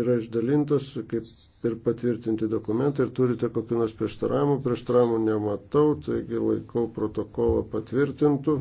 yra išdalintos kaip ir patvirtinti dokumentai ir turite kokių nors prieštaravimų. Prieštaravimų nematau, taigi laikau protokolą patvirtintų.